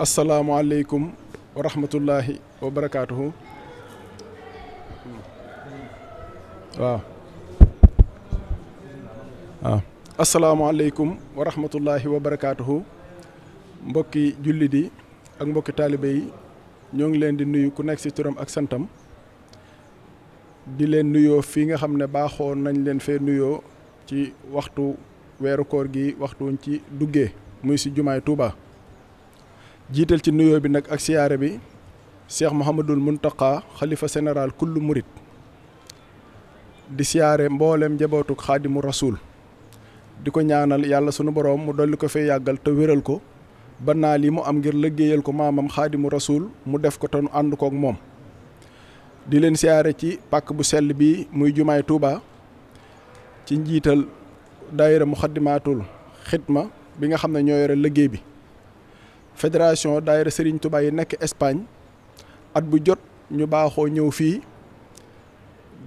asalaamualeykum wa rahmatullahi wa barakaatuhu waaw wa rahmatullahi mbokki jullit yi ak mbokki taalibe yi ñoo ngi leen di nuyu ku nekk ci turam ak santam di leen nuyoo fii nga xam ne baaxoo nañ leen fee nuyoo ci waxtu weeru koor gi waxtu wuñ ci duggee muy ci jumaay Tuubaa jiital ci nuyoo bi nag ak siyaare bi Cheikh Mouhamadul Mountakha xalifa général kullu murit di siyaare mboolem njabootu xaadimu rasuul di ko ñaanal yàlla sunu boroom mu dolli ko fee yàggal te wéral ko ba naa li mu am ngir liggéeyal ko maamam xaadimu rasuul mu def ko te nu ànd kook moom di leen siyaare ci pàkk bu sell bi muy jumaay tuuba ci njiital daayira muxaddimaatul xidma bi nga xam ne ñoo yore liggéey bi fédération daayira Serigne Touba yi nekk Espagne at bu jot ñu baaxoo ñëw fii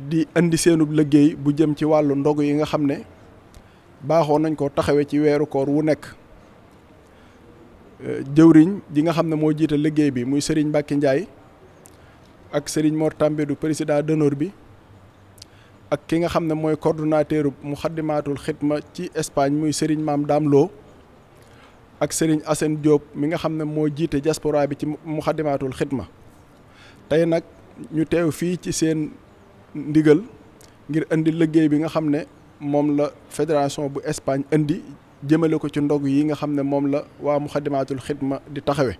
di indi seenub liggéey bu jëm ci wàllu ndog yi nga xam ne baaxoo nañ ko taxawee ci weeru koor wu nekk euh, jëwriñ ji nga xam ne moo jiite liggéey bi muy Serigne Mbacke Ndiaye ak Serigne Mor Tambédou président d'honneur bi ak ki nga xam ne mooy mu coordonnateur xit ma ci Espagne muy Serigne Maam Daam Lo ak sëriñ Assane jóob mi nga xam ne moo jiite diaspora bi ci mu Muxaddamaatul Xidma tey nag ñu teew fii ci seen ndigal ngir indi liggéey bi nga xam ne moom la federation bu Espagne indi jëmale ko ci ndog yi nga xam ne moom la waa Muxaddamaatul Xidma di taxawe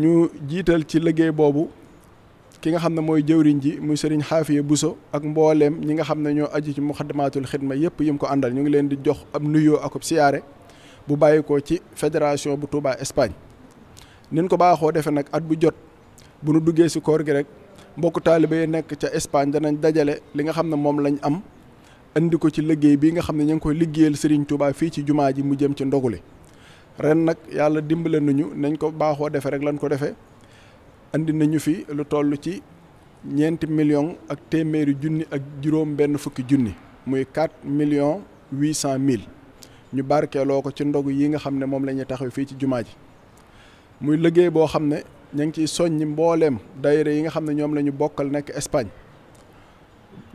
ñu jiital ci liggéey boobu ki nga xam ne mooy jëwriñ ji muy Serigne Xaafiya Buso ak mbooleem ñi nga xam ne ñoo aju ci Muxaddamaatul Xidma yëpp yim ko àndal ñu ngi leen di jox ab nuyoo akub siyaare bu bàyyikoo ci fédération bu Touba Espagne nin ko baaxoo defee nag at bu jot bu nu duggee si koor gi rek mbokk taalibe yi nekk ca Espagne danañ dajale li nga xam ne moom lañ am indi ko ci liggéey bii nga xam ne ñu ngi koy liggéeyal Serigne Touba fii ci jumaa ji mu jëm ci li ren nag yàlla dimbale nañu nañ ko baaxoo defee rek lañ ko defee andi nañu fi lu toll ci ñeenti million ak téeméeri junni ak juróom benn fukki junni muy million millions 800 mille ñu barkeeloo ko ci ndogu yi nga xam ne moom la ñuy taxaw fii ci jumaa ji muy liggéey boo xam ne ña ngi ciy soññ mbooleem daayira yi nga xam ne ñoom la ñu bokkal nekk Espagne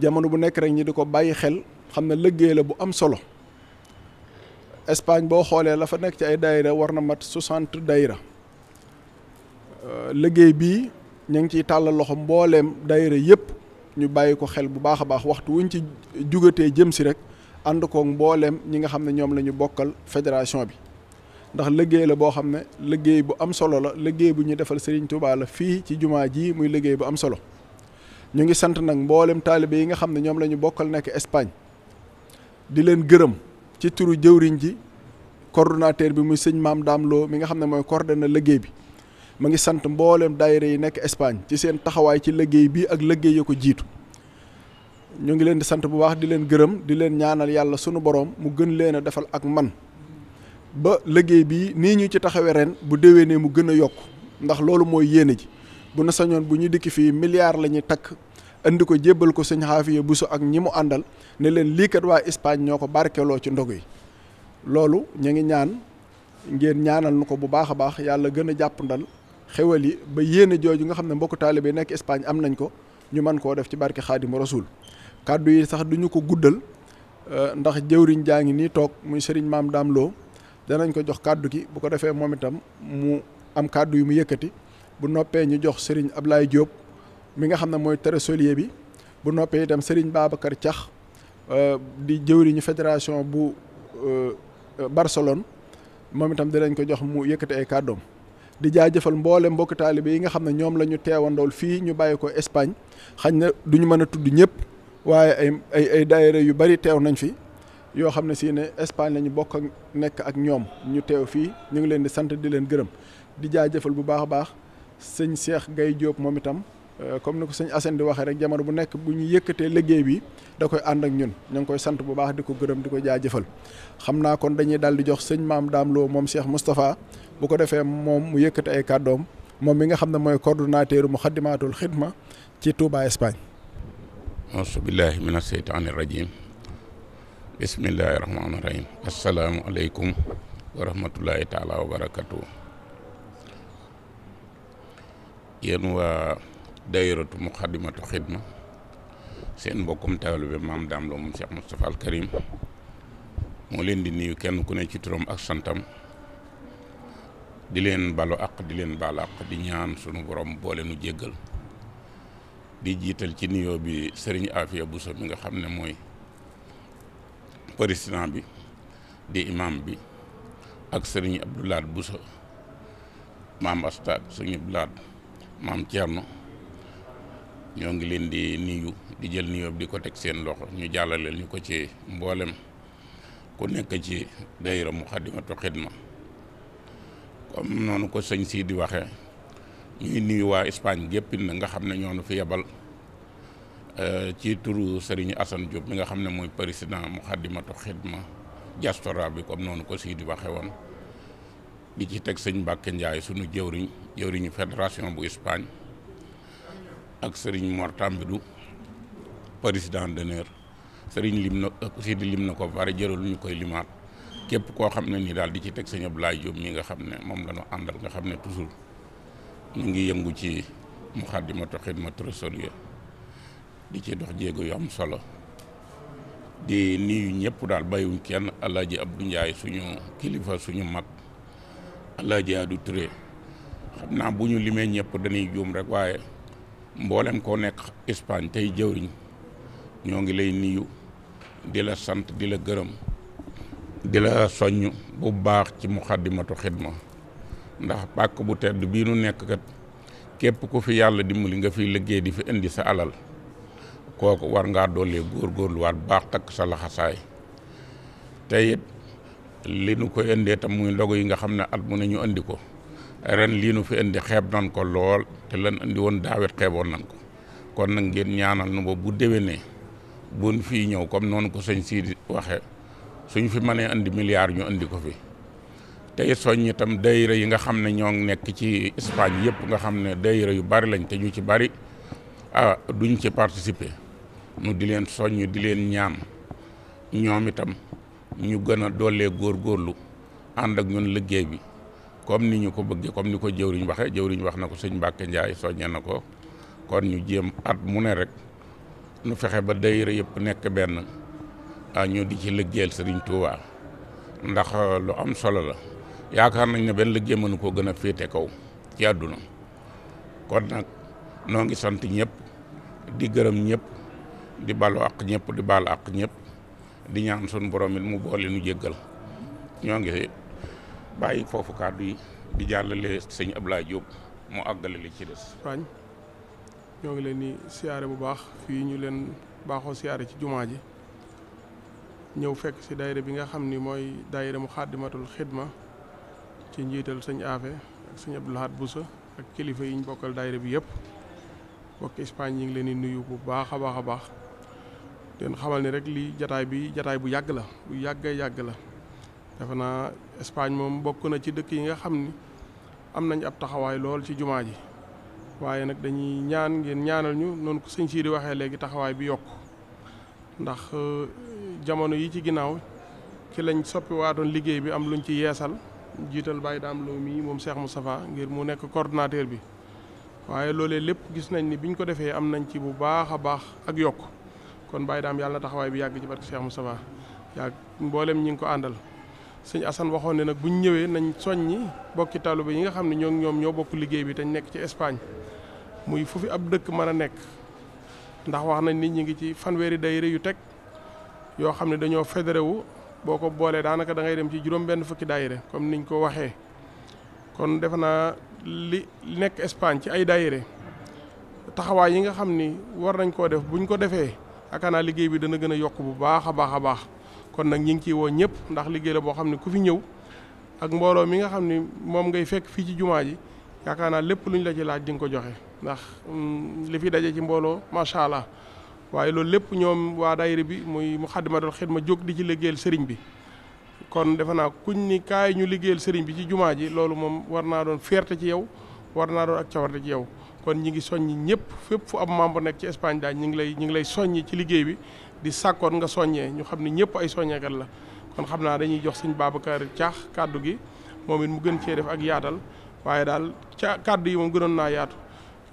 jamono bu nekk rek ñi di ko bàyyi xel xam ne liggéey la bu am solo Espagne boo xoolee la fa nekk ci ay daayira war na mat soixante daayira liggéey bii ña ngi ciy tàllal loxo mbooleem daayira yépp ñu bàyyi ko xel bu baax a baax waxtu wuñ ci jugatee jëm si rek ànd koog mbooleem ñi nga xam ne ñoom la ñu bokkal fédération bi ndax liggéey la boo xam ne liggéey bu am solo la liggéey bu ñu defal Serigne Touba la fii ci jumaa ji muy liggéey bu am solo ñu ngi sant nag mboolem taalibe yi nga xam ne ñoom la ñu bokkal nekk Espagne di leen gërëm ci turu jëwriñ ji coordonnateur bi muy sëñ Maam Daam loo mi nga xam ne mooy coordonné liggéey bi mu ngi sant mboolem dayre yi nekk Espagne ci seen taxawaay ci liggéey bi ak liggéey ko jiitu. ñoo ngi leen di sant bu baax di leen gërëm di leen ñaanal yàlla sunu borom mu gën leen a defal ak man ba liggéey bi nii ñu ci taxawee ren bu déwénee mu gën a yokk ndax loolu mooy yéene ji bu na sañoon bu ñu dikk fii milliard la ñuy takk andi ko jébbal ko sëñ xaafiya buso ak ñi mu àndal ne leen lii kat waa Espagne ñoo ko barkeloo ci ndog yi loolu ñu ngi ñaan ngeen ñaanal nu ko bu baax a baax yàlla gën a jàpp ndal xewal yi ba yéene jooju nga xam ne mbokk taalibe nekk Espagne am nañ ko ñu mën koo def ci barke xaadimu rasul kàddu yi sax duñu ko guddal euh, ndax jëwriñ jaa ngi nii toog muy sëriñ maam daam loo danañ ko jox kàddu gi bu ko defee moom itam mu am kàddu yu mu yëkkati bu noppee ñu jox sëriñ Ablaye Diop mi nga xam ne mooy trésorier bi bu noppee itam sëriñ Babacar Thiax euh, di jëwriñu fédération bu euh, Barcelone moom itam danañ ko jox mu yëkkati ay kàddoom di jaajëfal mboole mbokk taalibe yi nga xam ne ñoom la ñu teewandool fii ñu bàyyi ko Espagne xañ na du ñu mën a tudd ñëpp waaye ay ay ay daayira yu bari teew nañ fi yoo xam ne si ne Espagne la bokk ak nekk ak ñoom ñu teew fii ñu ngi leen di sant di leen gërëm di jëfal bu baax a baax sëñ Cheikh Gaye Diop moom itam Euh, comme ni ko sëñ Assane di waxee rek jamono bu nekk bu ñu yëkkatee liggéey bi da koy ànd ak ñun ñu ngi koy sant bu baax di ko gërëm di ko jaajëfal xam naa kon dañuy daal di jox sëñ maam Dame Lo moom seex Moustapha bu ko defee moom mu yëkkate ay kàddoom moom mi nga xam ne mooy coordonnateur mu xaddimaatul xidma ci Touba Espagne. auzu billaahi mina seytaani rajiim bismillaahi rahmaani rahiim assalaamu aleykum wa taalaa wa barakaatu yéen waa. dayratu muxaddimatu xidma seen mbokkum taalibe maam daam la moom Cheikh Moustapha al Karim moo leen di nuyu kenn ku ne ci turam ak santam di leen balu àq di leen baal àq di ñaan sunu borom boole nu jéggal di jiital ci nuyoo bi sëriñ Afia Bousso mi nga xam ne mooy président bi di imam bi ak Serigne Abdoulaye Bousso maam Astad Serigne Abdoulaye maam Thierno. ñoo ngi leen di nuyu di jël nuyoo di ko teg seen loxo ñu jàllaleel ñu ko ci mboolem ku nekk ci daayira Muxaddamatu Xidma comme noonu ko sëñ sii di waxe ñuy nuyu waa Espagne gépp na nga xam ne ñoo nu fi yebal euh, ci turu Serigne Assane Diop mi nga xam ne mooy président Muxaddamatu Xidma diaspora bi comme noonu ko sii di waxe woon di ci teg sëñ Mbàkke Njaay sunu jëwriñ jëwriñu fédération bu Espagne ak Serigne Mor Tambidou président dener sëriñ lim na aussi euh, di lim na ko bari jërul ñu koy limaat képp koo xam ne nii daal di ci teg sëñ Abdoulaye Diop mi nga xam ne moom la ñu àndal nga xam ne toujours mu ngi yëngu ci Moukhaddamatoul Khidmatoul Rasouliyya di ci dox jéego yu solo di nuyu ñëpp daal bàyyiwuñ kenn El Hadj Abdou Ndiaye suñu kilifa suñu mag El Hadj Adou Touré xam naa bu ñu limee ñëpp dañuy juum rek waaye. mboolem koo nekk Espagne tey jëwriñ ñoo ngi lay nuyu di la sant di la gërëm di la soññ bu baax ci muxaddimatu xidma ndax pàkk bu tedd bii nu nekk kat képp ku fi yàlla li nga fi liggéey di fi indi sa alal kooku war ngaa doolee góorgóorluwaat baax takk sa laxasaay te it li nu ko indee tam muy ndogu yi nga xam ne at mu ne ñu indi ko ren lii nu fi indi xeeb nan ko lool te lan indi woon daawet xeeboon nan ko kon nag ngeen ñaanal nu ba bu déwénee buñ fii ñëw comme noonu ko sëñ Sidi waxe suñ fi mënee indi milliards ñu indi ko fi tey soññ itam daayira yi nga xam ne ñoo nekk ci Espagne yëpp nga xam ne daayira yu bari lañ te ñu ci bari ah duñ ci participer nu di leen soññ di leen ñaan ñoom itam ñu gën a góor góorlu ànd ak ñun liggéey bi comme ni ñu ko bëggee comme ni ko jëwriñ waxee jëwriñ wax na ko suñ Mbàkke Njaay soññe na ko kon ñu jéem at mu ne rek nu fexe ba dayra yëpp nekk benn a ah, ñu di ci liggéeyal sëriñ Touba ndax euh, lu am solo la yaakaar nañ ne benn liggéey mënu koo gën a féete kaw ci àdduna kon nag noo ngi sant ñëpp di gërëm ñëpp di balu ak ñépp di bal ak ñëpp di ñaan sun borom it mu boole nu jéggal ñoo ngi bàyyi foofu kàddu yi di jàllale sëñ Abdoulaye Diop mu àggale li ci des. waañ ñoo ngi leen di siyaare bu baax fii ñu leen baaxoo siyaare ci jumaa ji ñëw fekk si daayira bi nga xam ni mooy daayira mu xàddimatul xidma ci njiital sëñ Afe ak sëñ Abdou Lahad Boussa ak kilifa yi ñu bokkal daayira bi yëpp bokk Espagne yi ngi leen di nuyu bu baax a baax a baax den xamal ni rek lii jataay bi jataay bu yàgg la bu yàgga yàgg la. defe naa Espagne moom bokk na ci dëkk yi nga xam ni am nañ ab taxawaay lool ci jumaa ji waaye nag dañuy ñaan ngeen ñaanal ñu noonu ko sëñ sii di waxee léegi taxawaay bi yokk ndax euh, jamono yi ci ginnaaw ci lañ soppi liggéey bi am luñ ci yeesal jiital bàyyi daam loo mii moom Cheikh Moustapha ngir mu nekk coordonnateur bi waaye loolee lépp gis nañ ni biñ ko defee am nañ ci bu baax a baax ak yokk kon bàyyi daam yàlla taxawaay bi yàgg ci barke Cheikh Moustapha yàgg mboolem ñi ngi ko àndal suñ Assane waxoon ne nag buñ ñëwee nañ soññi bokki taalibe yi nga xam ne ñoo ñoom ñoo bokk liggéey bi te nekk ci Espagne muy fu fi ab dëkk mën a nekk ndax wax nañ ni ñu ngi ci fanweeri daayira yu teg yoo xam ne dañoo fédéré boo ko boolee daanaka da ngay dem ci juróom-benn fukki daayira comme niñ ko waxee kon defe naa li nekk Espagne ci ay daayira taxawaay yi nga xam ni war nañ koo def buñ ko defee akana liggéey bi dana gën a yokk bu baax a baax a baax. kon nag ñi ngi ciy woo ñëpp ndax liggéey la boo xam ne ku fi ñëw ak mbooloo mi nga xam ne moom ngay fekk fii ci jumaa ji yaakaar naa lépp lu ñu la ci laaj di ko joxe ndax mm, li fii daje ci mbooloo macha allah waaye loolu lépp ñoom waa daayira bi muy ma xet ma jóg di ci liggéeyal sëriñ bi. kon defe naa kuñ ni kaay ñu liggéeyal sëriñ bi ci jumaa ji loolu moom war naa doon feerte ci yow war naa doon ak cawarte ci yow kon ñi ngi soññ ñëpp fépp fu am membre nekk ci Espagne daal ngi lay ñi ngi lay soññ ci liggéey di sàkkoon nga soññee ñu xam ne ñëpp ay soññeekat la kon xam naa dañuy jox sëñ Babacar caax kàddu gi moom it mu gën cee def ak yaatal waaye daal ca kàddu yi moom gënoon naa yaatu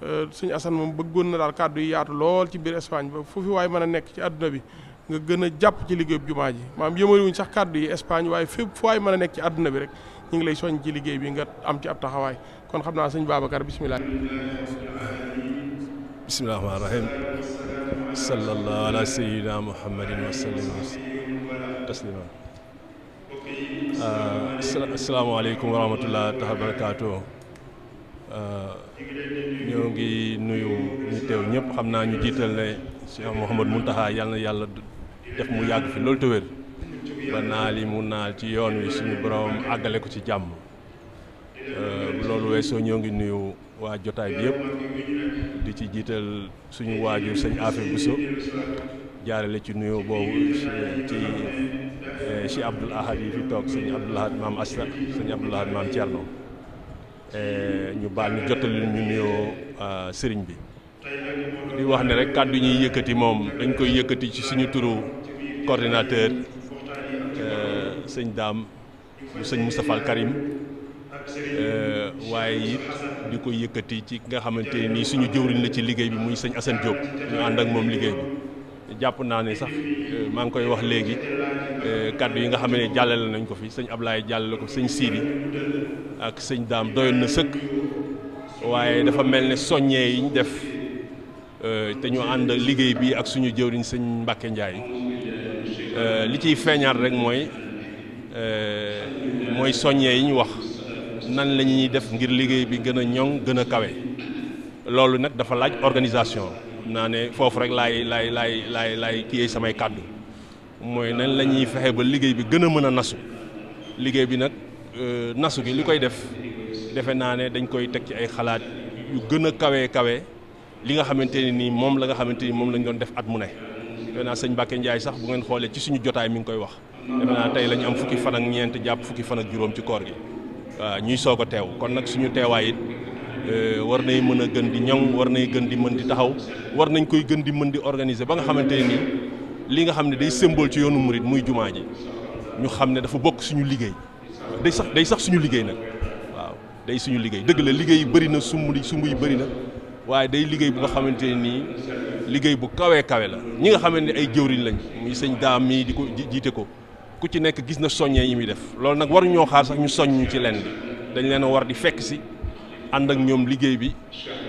euh, sëñ Assane moom bëggoon na daal kàddu yi yaatu lool ci biir Espagne ba fu fi waaye mën a nekk ci àdduna bi nga gën a jàpp ci liggéey bu jumaa ji maam yëmariwuñ sax kàddu yi Espagne waaye fépp fu waay mën a nekk ci àdduna bi rek ñu ngi lay soññ ci liggéey bi nga am ci ab taxawaay kon xam naa sëñ Babacar bisimilah. bisimilah rahmaani sallallahu ala sayyidina muhammadin wa sallam taslima asalaamaaleykum ah, wa rahmatullah taala barakaatu ah, ñoo ngi nuyu ñu teew ñëpp xam naa ñu jiital ne Cheikh Mouhamad Mountakha yàlla na yàlla def mu yàgg fi loolu te ba naal yi mu naal ci yoon wi suñu borom àggale ko ci jàmm ah, loolu weesoo ñoo ngi nuyu waa jotaay bi yëpp di ci jiital suñu waajur sëñ Afia Bousso jaarale ci nuyoo boobu ci eh, ci Abdoul Ahad yi fi toog sëñ Abdoul Ahad maam Asta sëñ Abdoul Ahad maam Thierno eh, ñu baal ñu jottali ñu nuyoo ah, sëriñ bi di wax ni rek kàddu ñuy yëkkati moom dañ koy yëkkati ci suñu turu coordinateur eh, sëñ daam bu sëñ Moustapha Karim Euh, waaye it di ko yëkkati ci ki nga xamante nii suñu jëwriñ la ci liggéey bi muy sëñ Assane Diop ñu ànd ak moom liggéey bi jàpp naa ne sax euh, maa ngi koy wax léegi euh, kàddu yi nga xam ne jàllale nañ ko fi sëñ Ablaye jàllale ko sëñ Sidi ak sëñ Daam doyoon na sëkk waaye dafa mel ne soññee yi ñu def te ñu ànd liggéey bi ak suñu jëwriñ sëñ Mbacke Ndiaye li ciy feeñaat rek mooy mooy soññee yi ñu wax. nan la ñuy def ngir liggéey bi gën a ñoŋ gën a kawe loolu nag dafa laaj organisation naa ne foofu rek laay lay laay laay laay kiyee samay kàddu mooy nan la ñuy fexe ba liggéey bi gën a mën a nasu liggéey bi nag euh, nasu gi li koy def defe naa ne dañ koy teg ci ay xalaat yu gën a kawe kawe li nga xamante ne nii moom la nga xamante ni moom lañ doon def at mu ne. defe naa sëñ Mbacke Ndiaye sax bu ngeen xoolee ci suñu jotaay mi ngi koy wax. defe naa tey la am fukki fan ak ñeent jàpp fukki fan ak juróom ci koor gi. waaw ñuy soog a teew kon nag suñu teewaay it euh, war nay mën a gën di ñoŋ war nay gën di mën di taxaw war nañ koy gën di mën di organiser ba nga xamante ne nii li nga xam ne day symbole ci yoonu murit muy jumaa ji ñu xam ne dafa bokk suñu liggéey day sax day sax suñu liggéey nag waaw day suñu liggéey dëgg la liggéey yi bëri na sumb sumb yi bëri na waaye day liggéey bu nga xamante ne nii liggéey bu kawee kawe la ñi nga xamante ne ay jëwriñ lañ muy sëñ daam mii di ko jiite ko ku ci nekk gis na soññee yi muy def loolu nag waru ñoo xaar sax ñu soññ ci leen bi dañ leen a war di fekk si ànd ak ñoom liggéey bi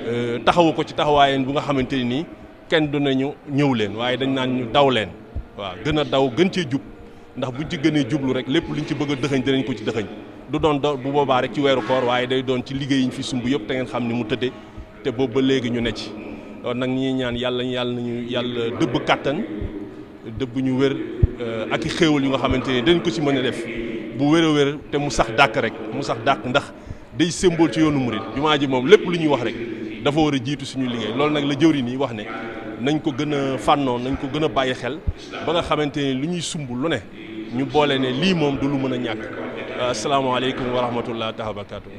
euh, taxawu ko ci taxawaayeen bu nga xamante ni nii kenn du nañu ñëw leen waaye dañ naan ñu daw leen waaw gën a daw gën cee jub ndax buñ ci gënee jublu rek lépp lu liñ ci bëgg a dëxëñ dinañ ko ci dëxëñ du doon bu boobaa rek ci weeru koor waaye day doon ci liggéey yi fi sumb yëpp te ngeen xam ni mu tëddee te boobu ba léegi ñu ne ci loolu ñaan yàlla yàlla nañu yàlla dëbb kàttan Euh, ak i xéewal yu nga xamante ne dañ ko ci mën a def bu wér a wér te mu sax dàkk rek mu sax dàkk ndax day symbole ci yoonu mu murid jumaa ji moom lépp lu ñuy wax rek dafa war a jiitu suñu liggéey loolu nag la jëwriñ nii wax ne nañ ko gën a fànnoon nañ ko gën a bàyyi xel ba nga xamante ne lu ñuy sumb lu ne ñu boole ne lii moom du lu mën a ñàkk asalaamaaleykum wa rahmatullah taala wa barakatuh